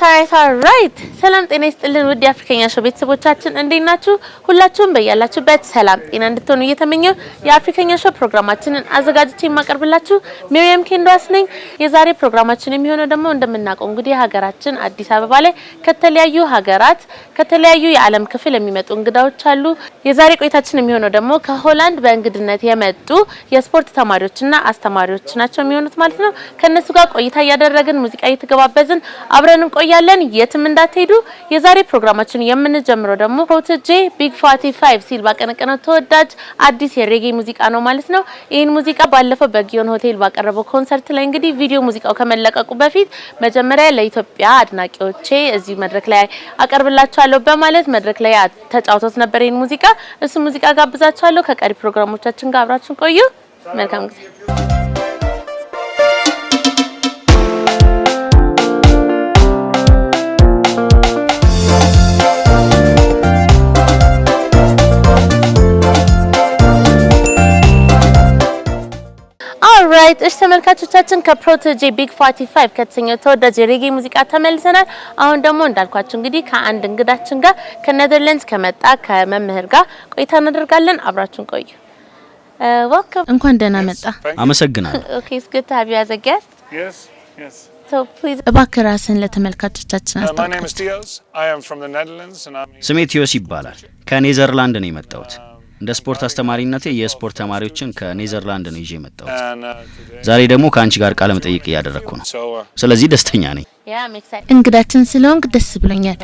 sorry, sorry, right. ሰላም ጤና ይስጥልን ውድ የአፍሪከኛ ሾው ቤተሰቦቻችን እንዴት ናችሁ? ሁላችሁም በያላችሁበት ሰላም ጤና እንድትሆኑ እየተመኘው የአፍሪከኛ ሾው ፕሮግራማችንን አዘጋጅቼ የማቀርብላችሁ ሚሪየም ኬንዳስ ነኝ። የዛሬ ፕሮግራማችን የሚሆነው ደግሞ እንደምናውቀው እንግዲህ ሀገራችን አዲስ አበባ ላይ ከተለያዩ ሀገራት ከተለያዩ የዓለም ክፍል የሚመጡ እንግዳዎች አሉ። የዛሬ ቆይታችን የሚሆነው ደግሞ ከሆላንድ በእንግድነት የመጡ የስፖርት ተማሪዎችና አስተማሪዎች ናቸው የሚሆኑት ማለት ነው። ከእነሱ ጋር ቆይታ እያደረግን ሙዚቃ እየተገባበዝን አብረን እንቆያለን። የትም እንዳትሄዱ ተለመዱ የዛሬ ፕሮግራማችን የምንጀምረው ደግሞ ፕሮቴጄ ቢግ ፋቲ ፋይቭ ሲል ባቀነቀነው ተወዳጅ አዲስ የሬጌ ሙዚቃ ነው ማለት ነው። ይህን ሙዚቃ ባለፈው በጊዮን ሆቴል ባቀረበው ኮንሰርት ላይ እንግዲህ ቪዲዮ ሙዚቃው ከመለቀቁ በፊት መጀመሪያ ለኢትዮጵያ አድናቂዎቼ እዚህ መድረክ ላይ አቀርብላችኋለሁ በማለት መድረክ ላይ ተጫውቶት ነበር ይህን ሙዚቃ። እሱ ሙዚቃ ጋብዛችኋለሁ። ከቀሪ ፕሮግራሞቻችን ጋር አብራችን ቆዩ። መልካም ጊዜ እሺ ተመልካቾቻችን ከፕሮቶጂ ቢግ 45 ከተሰኘው ተወዳጅ የሬጌ ሙዚቃ ተመልሰናል። አሁን ደግሞ እንዳልኳችሁ እንግዲህ ከአንድ እንግዳችን ጋር ከኔዘርላንድስ ከመጣ ከመምህር ጋር ቆይታ እናደርጋለን። አብራችሁን ቆዩ። ወልካም፣ እንኳን ደህና መጣ። አመሰግናለሁ። ኦኬ ኢትስ ጉድ ቱ ሃቭ ዩ አዝ አ ጌስት። የስ የስ እባክህ ራስን ለተመልካቾቻችን uh, አስተዋውቅ። ስሜ ቲዮስ ይባላል። ከኔዘርላንድ ነው የመጣሁት። እንደ ስፖርት አስተማሪነቴ የስፖርት ተማሪዎችን ከኔዘርላንድ ነው ይዤ የመጣሁት። uh, ዛሬ ደግሞ ከአንቺ ጋር ቃለ መጠይቅ እያደረግኩ ነው። uh, ስለዚህ ደስተኛ ነኝ። እንግዳችን ስለሆንክ ደስ ብሎኛል።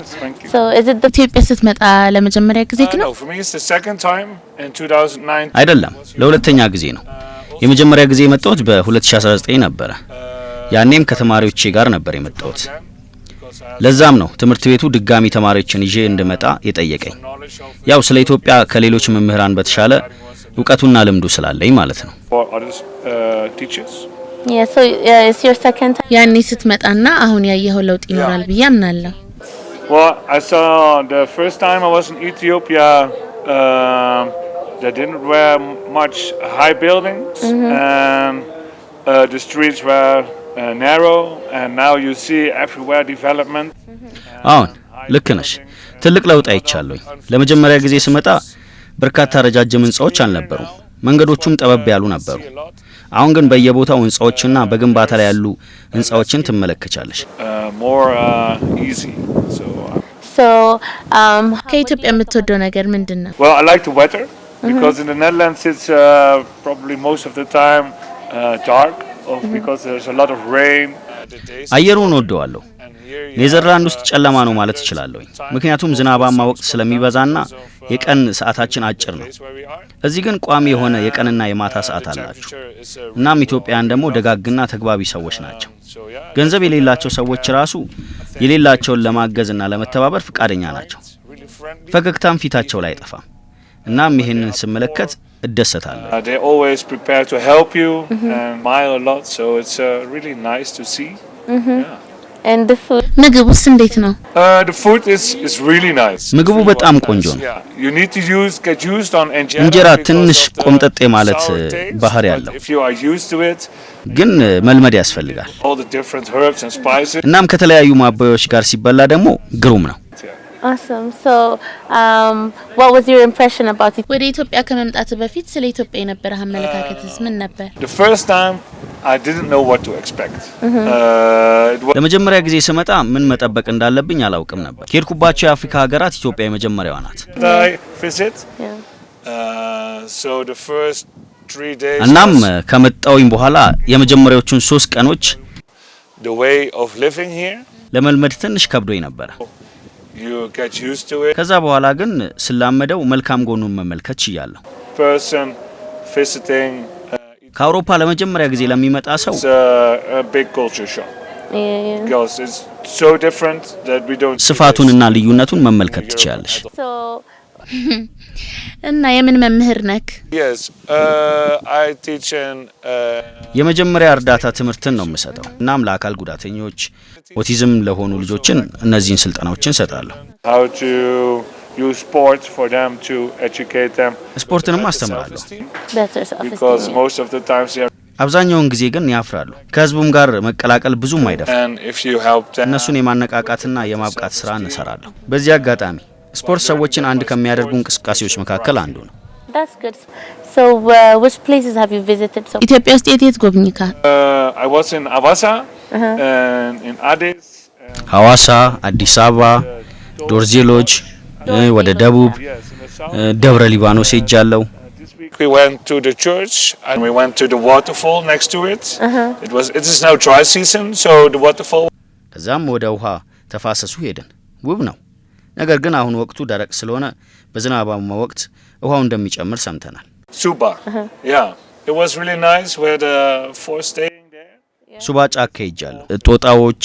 ኢትዮጵያ ስትመጣ ለመጀመሪያ ጊዜ uh, ነው? አይደለም፣ ለሁለተኛ ጊዜ ነው። የመጀመሪያ ጊዜ የመጣሁት በ2019 ነበረ። ያኔም ከተማሪዎቼ ጋር ነበር የመጣሁት። ለዛም ነው ትምህርት ቤቱ ድጋሚ ተማሪዎችን ይዤ እንድመጣ የጠየቀኝ። ያው ስለ ኢትዮጵያ ከሌሎች መምህራን በተሻለ እውቀቱና ልምዱ ስላለኝ ማለት ነው። ያኔ ስትመጣና አሁን ያየኸው ለውጥ ይኖራል ብዬ አምናለሁ። ኢትዮጵያ Mm-hmm. አሁን ልክ ነሽ። ትልቅ ለውጥ አይቻለሁኝ። ለመጀመሪያ ጊዜ ስመጣ በርካታ ረጃጅም ህንጻዎች አልነበሩም፣ መንገዶቹም ጠበብ ያሉ ነበሩ። አሁን ግን በየቦታው ህንጻዎችና በግንባታ ላይ ያሉ ህንጻዎችን ትመለከቻለሽ። uh, uh, uh, um, ከኢትዮጵያ የምትወደው ነገር ምንድን ነው? ቢኮዝ ኢን ዘ ኔዘርላንድስ ኢትስ ፕሮባብሊ ሞስት ኦፍ ዘ ታይም ዳርክ አየሩን ወደዋለሁ። ኔዘርላንድ ውስጥ ጨለማ ነው ማለት እችላለሁኝ፣ ምክንያቱም ዝናባማ ወቅት ስለሚበዛና የቀን ሰዓታችን አጭር ነው። እዚህ ግን ቋሚ የሆነ የቀንና የማታ ሰዓት አላችሁ። እናም ኢትዮጵያን ደግሞ ደጋግና ተግባቢ ሰዎች ናቸው። ገንዘብ የሌላቸው ሰዎች ራሱ የሌላቸውን ለማገዝና ለመተባበር ፈቃደኛ ናቸው። ፈገግታም ፊታቸው ላይ አይጠፋም። እናም ይህንን ስመለከት እደሰታለሁ። ውስጥ እንዴት ነው? Uh, ምግቡ በጣም ቆንጆ ነው። እንጀራ ትንሽ ቆምጠጤ ማለት ባህሪ አለው፣ ግን uh, መልመድ ያስፈልጋል። እናም ከተለያዩ ማባያዎች ጋር ሲበላ ደግሞ ግሩም ነው። Um, ወደ ኢትዮጵያ ከመምጣት በፊት ስለ ኢትዮጵያ የነበረ አመለካከትስ ምን ነበር? Mm-hmm. Uh, ለመጀመሪያ ጊዜ ስመጣ ምን መጠበቅ እንዳለብኝ አላውቅም ነበር። ከሄድኩባቸው የአፍሪካ ሀገራት ኢትዮጵያ የመጀመሪያዋ ናት። uh, እናም uh, ከመጣውኝ በኋላ የመጀመሪያዎቹን ሶስት ቀኖች ለመልመድ ትንሽ ከብዶኝ ነበረ። ከዛ በኋላ ግን ስላመደው መልካም ጎኑን መመልከት ችያለሁ። uh, ከአውሮፓ ለመጀመሪያ ጊዜ ለሚመጣ ሰው ስፋቱንና ልዩነቱን መመልከት ትችላለሽ። እና የምን መምህር ነክ? Uh, uh, የመጀመሪያ እርዳታ ትምህርትን ነው የምሰጠው። እናም ለአካል ጉዳተኞች ኦቲዝም ለሆኑ ልጆችን እነዚህን ስልጠናዎችን እሰጣለሁ። ስፖርትንም አስተምራለሁ። አብዛኛውን ጊዜ ግን ያፍራሉ። ከህዝቡም ጋር መቀላቀል ብዙም አይደፍርም። እነሱን የማነቃቃትና የማብቃት ስራ እንሰራለሁ። በዚህ አጋጣሚ ስፖርት ሰዎችን አንድ ከሚያደርጉ እንቅስቃሴዎች መካከል አንዱ ነው። uh, ኢትዮጵያ ውስጥ የት የት ጎብኝካል? Uh, ሐዋሳ፣ አዲስ አበባ፣ ዶርዜሎጅ፣ ወደ ደቡብ ደብረ ሊባኖስ ሄጃለሁ። ከዛም ወደ ውሃ ተፋሰሱ ሄድን። ውብ ነው። ነገር ግን አሁን ወቅቱ ደረቅ ስለሆነ በዝናባማ ወቅት ውሃው እንደሚጨምር ሰምተናል። ሱባ ጫካ ይጃለሁ። ጦጣዎች፣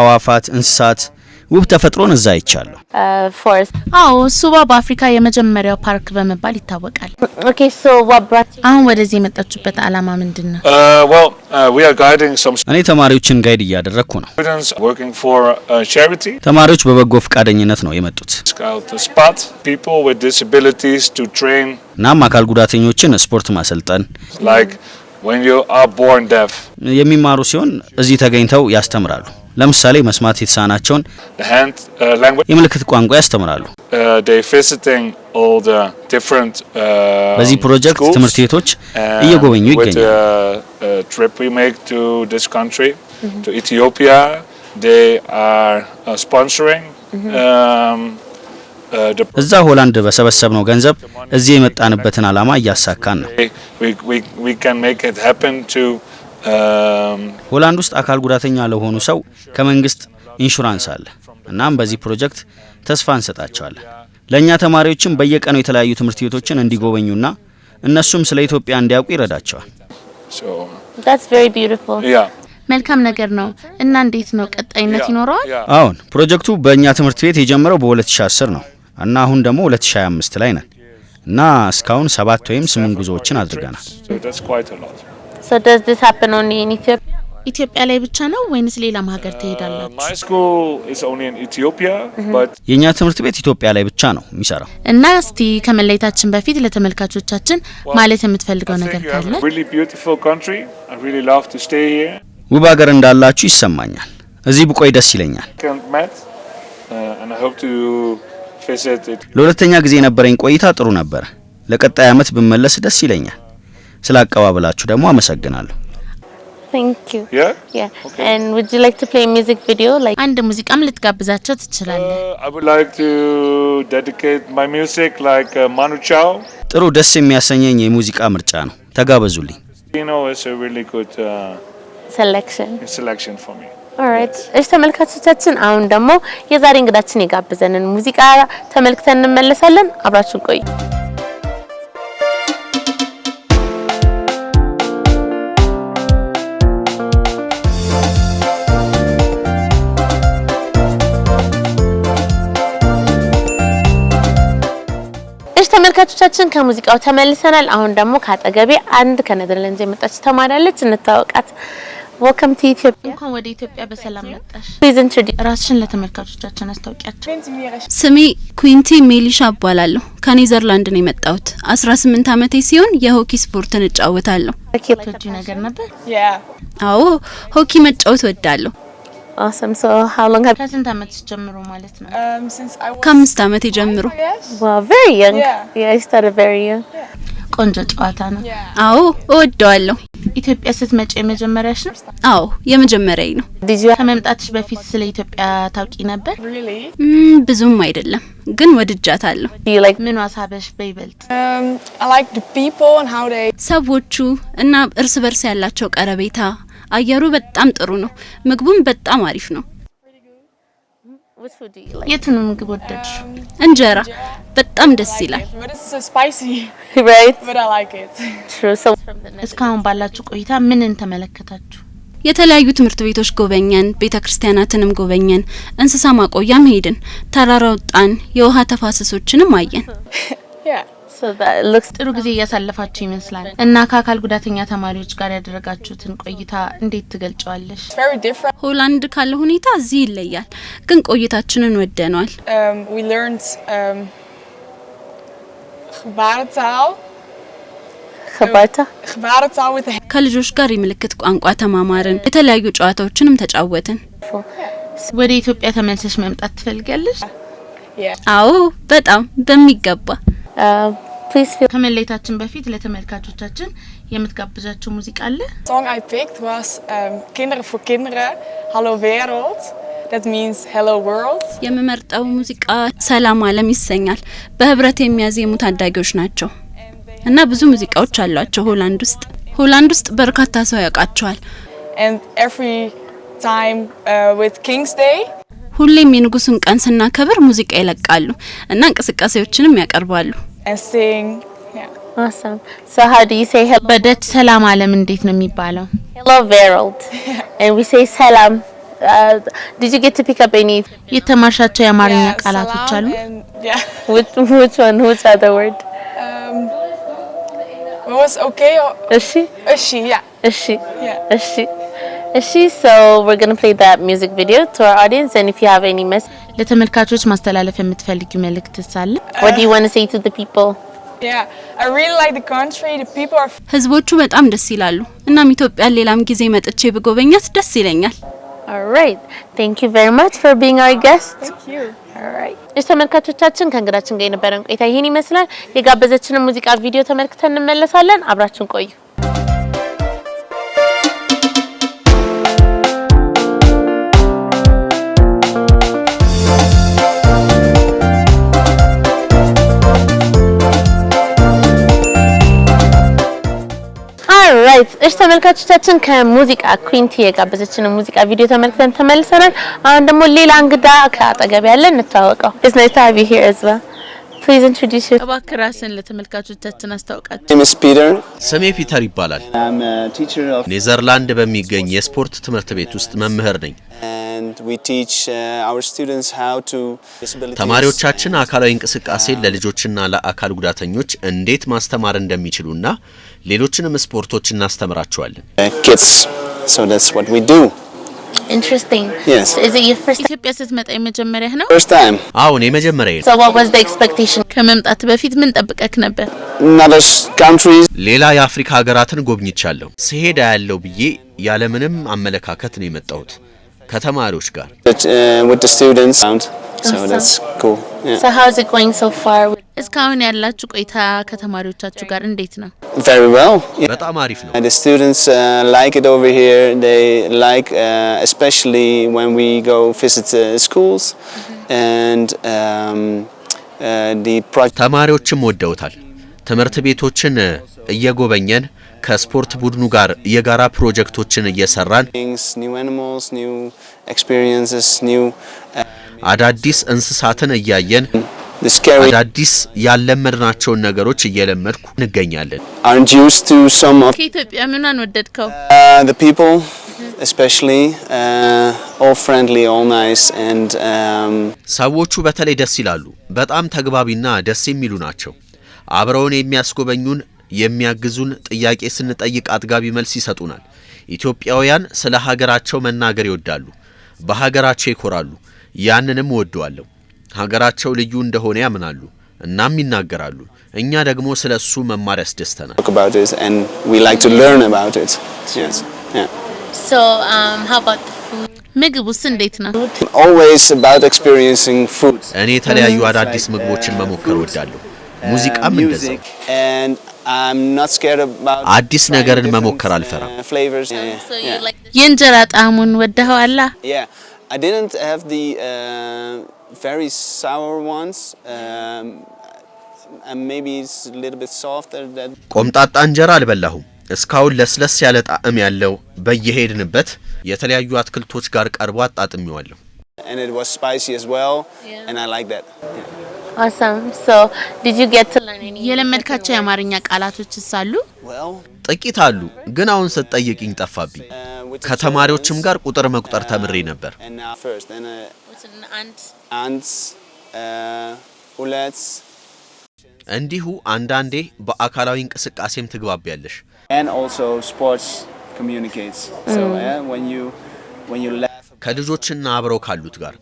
አዋፋት፣ እንስሳት ውብ ተፈጥሮን እዛ አይቻለሁ። uh, አዎ ሱባ በአፍሪካ የመጀመሪያው ፓርክ በመባል ይታወቃል። አሁን ወደዚህ የመጣችሁበት ዓላማ ምንድን ነው? Uh, uh, እኔ ተማሪዎችን ጋይድ እያደረግኩ ነው። ተማሪዎች በበጎ ፈቃደኝነት ነው የመጡት። እናም አካል ጉዳተኞችን ስፖርት ማሰልጠን የሚማሩ ሲሆን እዚህ ተገኝተው ያስተምራሉ። ለምሳሌ መስማት የተሳናቸውን uh, የምልክት ቋንቋ ያስተምራሉ። uh, uh, በዚህ ፕሮጀክት ትምህርት ቤቶች እየጎበኙ ይገኛሉ። እዛ ሆላንድ በሰበሰብነው ገንዘብ እዚህ የመጣንበትን ዓላማ እያሳካን ነው። um, ሆላንድ ውስጥ አካል ጉዳተኛ ለሆኑ ሰው ከመንግስት ኢንሹራንስ አለ። እናም በዚህ ፕሮጀክት ተስፋ እንሰጣቸዋለን። ለእኛ ተማሪዎችም በየቀኑ የተለያዩ ትምህርት ቤቶችን እንዲጎበኙና እነሱም ስለ ኢትዮጵያ እንዲያውቁ ይረዳቸዋል። መልካም ነገር ነው እና እንዴት ነው ቀጣይነት ይኖረዋል? አሁን ፕሮጀክቱ በእኛ ትምህርት ቤት የጀመረው በ2010 ነው። እና አሁን ደግሞ 2025 ላይ ነን እና እስካሁን ሰባት ወይም ስምንት ጉዞዎችን አድርገናል። ኢትዮጵያ ላይ ብቻ ነው ወይንስ ሌላም ሀገር ትሄዳላችሁ? Mm-hmm. የእኛ ትምህርት ቤት ኢትዮጵያ ላይ ብቻ ነው የሚሰራው። እና እስቲ ከመለየታችን በፊት ለተመልካቾቻችን ማለት የምትፈልገው ነገር ካለ? ውብ ሀገር እንዳላችሁ ይሰማኛል። እዚህ ብቆይ ደስ ይለኛል። ለሁለተኛ ጊዜ የነበረኝ ቆይታ ጥሩ ነበር። ለቀጣይ ዓመት ብመለስ ደስ ይለኛል። ስለ አቀባበላችሁ ደግሞ አመሰግናለሁ። አንድ ሙዚቃም ልትጋብዛቸው ትችላለህ? Uh, uh, ጥሩ ደስ የሚያሰኘኝ የሙዚቃ ምርጫ ነው። ተጋበዙልኝ። ኦልራይት እሺ ተመልካቾቻችን፣ አሁን ደግሞ የዛሬ እንግዳችን የጋብዘንን ሙዚቃ ተመልክተን እንመለሳለን። አብራችሁን ቆዩ። ተመልካቾቻችን ከሙዚቃው ተመልሰናል። አሁን ደግሞ ካጠገቤ አንድ ከኔዘርላንድ የመጣች ተማሪ አለች፣ እንታወቃት። ወልካም ቱ ኢትዮጵያ። እንኳን ወደ ኢትዮጵያ በሰላም መጣሽ። ፕሊዝ ኢንትሮዲውስ ራስሽን ለተመልካቾቻችን አስታውቂያቸው። ስሜ ኩንቲ ሜሊሻ እባላለሁ። ከኔዘርላንድ ነው የመጣሁት። 18 ዓመቴ ሲሆን የሆኪ ስፖርትን እጫወታለሁ። ሆኪ ነገር ነበር? አዎ ሆኪ መጫወት ወዳለሁ Awesome. ከስንት ዓመት ጀምሮ ማለት ነው? Um, ከአምስት ዓመት ጀምሮ። Wow, ቆንጆ ጨዋታ ነው። አዎ እወደዋለሁ። ኢትዮጵያ ስትመጪ የመጀመሪያሽ ነው? አዎ የመጀመሪያዬ ነው። ከመምጣትሽ በፊት ስለ ኢትዮጵያ ታውቂ ነበር? ብዙም አይደለም ግን ወድጃታለሁ። ምን ዋሳበሽ በይበልጥ? Um, ሰዎቹ እና እርስ በርስ ያላቸው ቀረቤታ፣ አየሩ በጣም ጥሩ ነው። ምግቡም በጣም አሪፍ ነው። የቱን ምግብ ወደድሽ? እንጀራ በጣም ደስ ይላል። እስካሁን ባላችሁ ቆይታ ምንን ተመለከታችሁ? የተለያዩ ትምህርት ቤቶች ጎበኘን፣ ቤተ ክርስቲያናትንም ጎበኘን፣ እንስሳ ማቆያም ሄድን፣ ተራራ ወጣን፣ የውሃ ተፋሰሶችንም አየን። ጥሩ ጊዜ እያሳለፋችሁ ይመስላል እና ከአካል ጉዳተኛ ተማሪዎች ጋር ያደረጋችሁትን ቆይታ እንዴት ትገልጨዋለሽ? ሆላንድ ካለ ሁኔታ እዚህ ይለያል፣ ግን ቆይታችንን ወደነዋል። um, um, ከልጆች ጋር የምልክት ቋንቋ ተማማርን፣ የተለያዩ ጨዋታዎችንም ተጫወትን። ወደ ኢትዮጵያ ተመልሰሽ መምጣት ትፈልጋለሽ? አዎ፣ በጣም በሚገባ uh, ፕሊዝ ከመለየታችን በፊት ለተመልካቾቻችን የምትጋብዛቸው ሙዚቃ አለ። Song I picked was um, Kinderen voor Kinderen, Hallo Wereld. That means hello world. የምመርጠው ሙዚቃ ሰላም አለም ይሰኛል። በህብረት የሚያዜሙ ታዳጊዎች ናቸው እና ብዙ ሙዚቃዎች አሏቸው ሆላንድ ውስጥ ሆላንድ ውስጥ በርካታ ሰው ያውቃቸዋል። And every uh, ሁሌም የንጉሱን ቀን ስናከብር ሙዚቃ ይለቃሉ እና እንቅስቃሴዎችንም ያቀርባሉ። and sing. Yeah. Awesome. So how do you say hello? በደች ሰላም አለም እንዴት ነው የሚባለው? Hello Verald. And we say ሰላም. Uh, did you get to pick up any የተማርሻቸው የአማርኛ ቃላቶች አሉ? Yeah. Which which one? Which other word? Um What was okay? Or... እሺ። እሺ, yeah. እሺ። Yeah. እሺ እሺ ሰው we're going to play that music video to our audience and if you have any message ለተመልካቾች ማስተላለፍ የምትፈልጊው መልእክት ሳለ what do you want to say to the people yeah i really like the country the people are ህዝቦቹ በጣም ደስ ይላሉ። እናም ኢትዮጵያን ሌላም ጊዜ መጥቼ ብጎበኛት ደስ ይለኛል። all right thank you very much for being our guest thank you all right እሺ ተመልካቾቻችን ከእንግዳችን ጋር የነበረን ቆይታ ይህን ይመስላል። የጋበዘችንን ሙዚቃ ቪዲዮ ተመልክተን እንመለሳለን። አብራችን ቆዩ። እሺ ተመልካቾቻችን ከሙዚቃ ኩዊንቲ የጋበዘችን ሙዚቃ ቪዲዮ ተመልክተን ተመልሰናል። አሁን ደግሞ ሌላ እንግዳ ከአጠገብ ያለን እንተዋወቀው። እባክህ ራስን ለተመልካቾቻችን አስታውቃቸው። ስሜ ፒተር ይባላል። ኔዘርላንድ በሚገኝ የስፖርት ትምህርት ቤት ውስጥ መምህር ነኝ። uh, ተማሪዎቻችን አካላዊ እንቅስቃሴን ለልጆችና ለአካል ጉዳተኞች እንዴት ማስተማር እንደሚችሉና ሌሎችንም ስፖርቶች እናስተምራቸዋለን። uh, ኢትዮጵያ ስትመጣ የመጀመሪያህ ነው? አሁን የመጀመሪያ ከመምጣት በፊት ምን ጠብቀህ ነበር? ሌላ የአፍሪካ ሀገራትን ጎብኝቻለሁ። ስሄዳ አያለው ብዬ ያለምንም አመለካከት ነው የመጣሁት ከተማሪዎች ጋር uh, እስካሁን ያላችሁ ቆይታ ከተማሪዎቻችሁ ጋር እንዴት ነው? በጣም አሪፍ ነው። ተማሪዎችም ወደውታል። ትምህርት ቤቶችን uh, እየጎበኘን ከስፖርት ቡድኑ ጋር የጋራ ፕሮጀክቶችን እየሰራን አዳዲስ እንስሳትን እያየን አዳዲስ ያለመድናቸውን ነገሮች እየለመድኩ እንገኛለን። ከኢትዮጵያ ምን አንወደድከው? Uh, uh, um, ሰዎቹ በተለይ ደስ ይላሉ። በጣም ተግባቢና ደስ የሚሉ ናቸው። አብረውን የሚያስጎበኙን፣ የሚያግዙን፣ ጥያቄ ስንጠይቅ አጥጋቢ መልስ ይሰጡናል። ኢትዮጵያውያን ስለ ሀገራቸው መናገር ይወዳሉ። በሀገራቸው ይኮራሉ። ያንንም እወደዋለሁ። ሀገራቸው ልዩ እንደሆነ ያምናሉ፣ እናም ይናገራሉ። እኛ ደግሞ ስለ እሱ መማር ያስደስተናል። um, ምግቡስ እንዴት ነው? እኔ የተለያዩ አዳዲስ ምግቦችን መሞከር ወዳለሁ ሙዚቃም uh, እንደዛው። አዲስ ነገርን መሞከር አልፈራም። uh, um, የእንጀራ ጣዕሙን ወደኸዋላ? I didn't have the uh, very sour ones. Um, and maybe it's a little bit softer that ቆምጣጣ እንጀራ አልበላሁም። እስካሁን ለስለስ ያለ ጣዕም ያለው በየሄድንበት የተለያዩ አትክልቶች ጋር ቀርቦ አጣጥሚዋለሁ። And it የለመድካቸው የአማርኛ ቃላቶችስ አሉ ጥቂት አሉ፣ ግን አሁን ስትጠይቅኝ ጠፋብኝ። uh, ከተማሪዎችም ጋር ቁጥር መቁጠር ተምሬ ነበር። uh, uh, እንዲሁ አንዳንዴ በአካላዊ እንቅስቃሴም ትግባቢያለሽ። mm. ከልጆችና አብረው ካሉት ጋር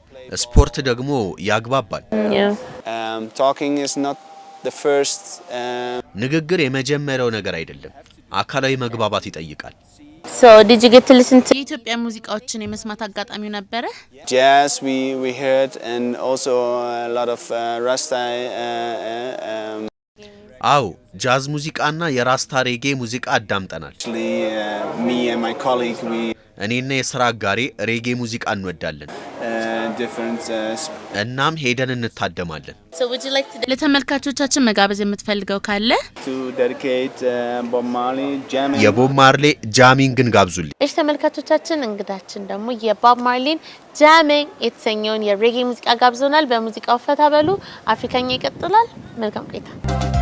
ስፖርት ደግሞ ያግባባል። mm, um, um, ንግግር የመጀመሪያው ነገር አይደለም፣ አካላዊ መግባባት ይጠይቃል። የኢትዮጵያ ሙዚቃዎችን የመስማት አጋጣሚው ነበረ? Uh, uh, um, አዎ፣ ጃዝ ሙዚቃና የራስታ ሬጌ ሙዚቃ አዳምጠናል። uh, እኔና የስራ አጋሬ ሬጌ ሙዚቃ እንወዳለን። Uh, እናም ሄደን እንታደማለን። ለተመልካቾቻችን መጋበዝ የምትፈልገው ካለ uh, የቦብ ማርሌ ጃሚንግን ጋብዙልኝ። ተመልካቾቻችን፣ እንግዳችን ደግሞ የቦብ ማርሌን ጃሚንግ የተሰኘውን የሬጌ ሙዚቃ ጋብዞናል። በሙዚቃው ፈታ በሉ። አፍሪካኛ ይቀጥላል። መልካም ቆይታ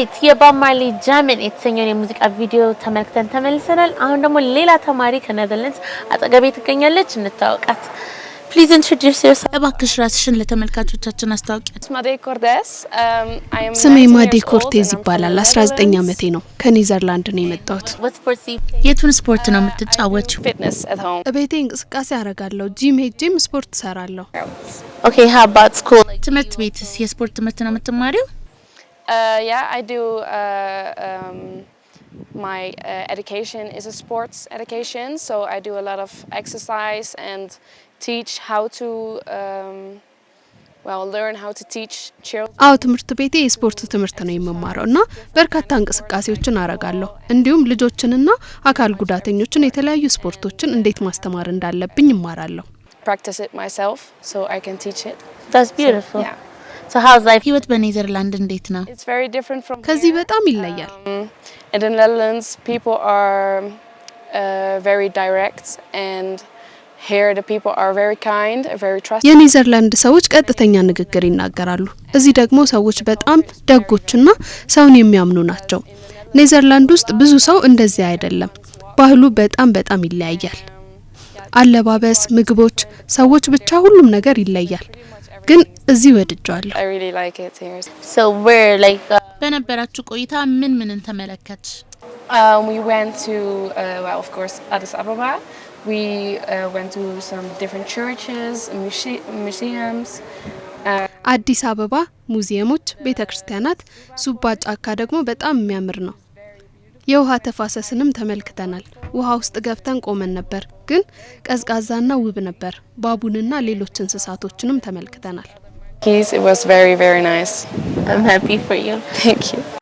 ራይት የባማሊ ጃምን የተሰኘውን የሙዚቃ ቪዲዮ ተመልክተን ተመልሰናል። አሁን ደግሞ ሌላ ተማሪ ከኔዘርላንድስ አጠገቤ ትገኛለች፣ እንታወቃት ፕሊዝ ኢንትሮዲውስ ዮርሰልፍ እባክሽ ራስሽን ለተመልካቾቻችን አስታውቂያት። um, ስሜ ማዴ ኮርቴዝ ይባላል። 19 ዓመቴ ነው። ከኔዘርላንድ ነው የመጣሁት። የቱን ስፖርት ነው የምትጫወችው? ቤቴ እንቅስቃሴ አረጋለሁ። ጂም ሄጄም ስፖርት ሰራለሁ። ኦኬ ስኩል ትምህርት ቤትስ የስፖርት ትምህርት ነው የምትማሪው? Uh, yeah, I do. Uh, um, my uh, education is a sports education, so I do a lot of exercise and teach how to. Um, አዎ ትምህርት ቤቴ የስፖርት ትምህርት ነው የምማረው እና በርካታ እንቅስቃሴዎችን አረጋለሁ። እንዲሁም ልጆችንና አካል ጉዳተኞችን የተለያዩ ስፖርቶችን እንዴት ማስተማር እንዳለብኝ ይማራለሁ። ህይወት በኔዘርላንድ እንዴት ነው? ከዚህ በጣም ይለያል። um, uh, የኔዘርላንድ ሰዎች ቀጥተኛ ንግግር ይናገራሉ። እዚህ ደግሞ ሰዎች በጣም ደጎችና ሰውን የሚያምኑ ናቸው። ኔዘርላንድ ውስጥ ብዙ ሰው እንደዚህ አይደለም። ባህሉ በጣም በጣም ይለያያል። አለባበስ፣ ምግቦች፣ ሰዎች ብቻ ሁሉም ነገር ይለያል። ግን እዚህ ወድጀዋለሁ። uh, በነበራችሁ ቆይታ ምን ምንን ተመለከት? አዲስ አበባ ሙዚየሞች፣ ቤተ ክርስቲያናት፣ ሱባ ጫካ ደግሞ በጣም የሚያምር ነው። የውሃ ተፋሰስንም ተመልክተናል። ውሃ ውስጥ ገብተን ቆመን ነበር፣ ግን ቀዝቃዛና ውብ ነበር። ባቡንና ሌሎች እንስሳቶችንም ተመልክተናል።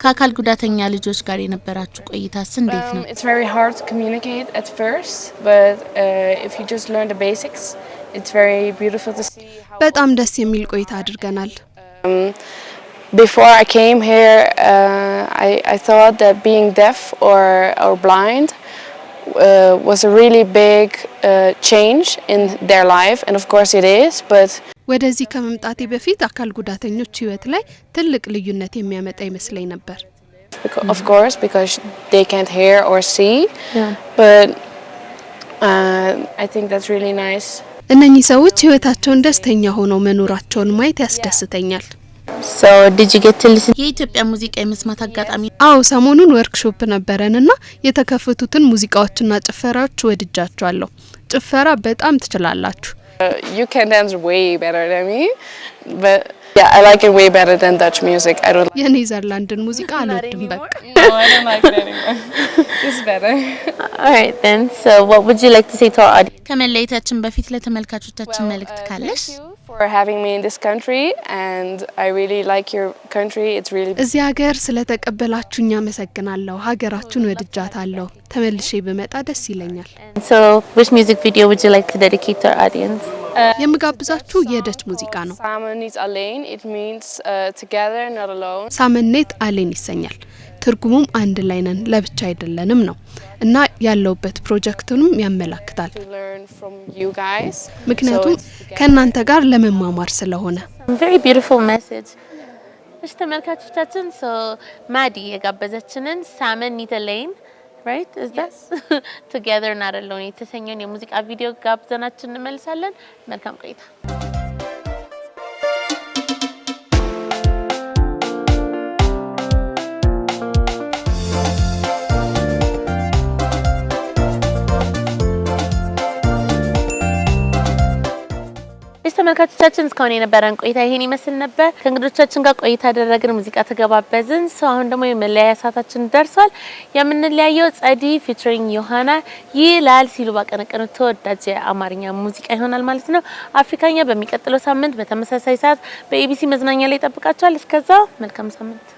ከአካል ጉዳተኛ ልጆች ጋር የነበራችሁ ቆይታስ እንዴት ነው? በጣም ደስ የሚል ቆይታ አድርገናል። um, before I came here, uh, I, I, thought that being deaf or, or blind uh, was a really big uh, change in their life, and of course it is, but ወደዚህ ከመምጣቴ በፊት አካል ጉዳተኞች ሕይወት ላይ ትልቅ ልዩነት የሚያመጣ ይመስለኝ ነበር። Of course, because they can't hear or see, yeah. but uh, I think that's really nice. እነኚህ ሰዎች ሕይወታቸውን ደስተኛ ሆነው መኖራቸውን ማየት ያስደስተኛል። የኢትዮጵያ ሙዚቃ የመስማት አጋጣሚ? አዎ ሰሞኑን ወርክሾፕ ነበረንና የተከፈቱትን ሙዚቃዎችና ጭፈራዎች ወድጃቸዋለሁ። ጭፈራ በጣም ትችላላችሁ። uh, የኔዘርላንድን ሙዚቃ አልወድም። በቃ ከመለየታችን በፊት ለተመልካቾቻችን መልእክት uh, ካለሽ? እዚህ ሀገር ስለተቀበላችሁኝ አመሰግናለሁ። ሀገራችሁን ወድጃታለሁ። ተመልሼ ብመጣ ደስ ይለኛል። የምጋብዛችሁ የደች ሙዚቃ ነው። uh, ሳመኔት አሌን ይሰኛል። ትርጉሙም አንድ ላይ ነን ለብቻ አይደለንም ነው እና ያለውበት ፕሮጀክቱንም ያመላክታል። ምክንያቱም ከእናንተ ጋር ለመማማር ስለሆነ ተመልካቾቻችን ማዲ የጋበዘችንን ሳመኔት አሌን ራይት እዝ ቱጌዘር ናት የተሰኘውን የሙዚቃ ቪዲዮ ጋብዘናችን እንመልሳለን። መልካም ቆይታ ተመልካቾቻችን እስካሁን የነበረን ቆይታ ይሄን ይመስል ነበር። ከእንግዶቻችን ጋር ቆይታ ያደረግን ሙዚቃ ተገባበዝን። ሰው አሁን ደግሞ የመለያያ ሰዓታችን ደርሷል። የምንለያየው ጸዲ ፊቸሪንግ ዮሃና ይላል ሲሉ ባቀነቀኑ ተወዳጅ የአማርኛ ሙዚቃ ይሆናል ማለት ነው። አፍሪካኛ በሚቀጥለው ሳምንት በተመሳሳይ ሰዓት በኤቢሲ መዝናኛ ላይ ይጠብቃቸዋል። እስከዛው መልካም ሳምንት።